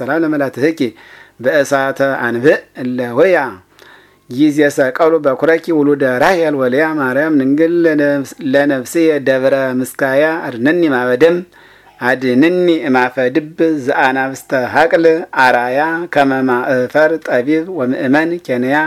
ሰላም ህኪ በእሳተ አንብእ እለወያ ጊዜ ሰቀሉ በኩረኪ ውሉደ ራሄል ወልያ ማርያም ንግል ለነፍስየ ደብረ ምስካያ አድነኒ ማበደም አድንኒ እማፈድብ ዘአናብስተ ሀቅል አራያ ከመማእፈር ጠቢብ ወምእመን ኬንያ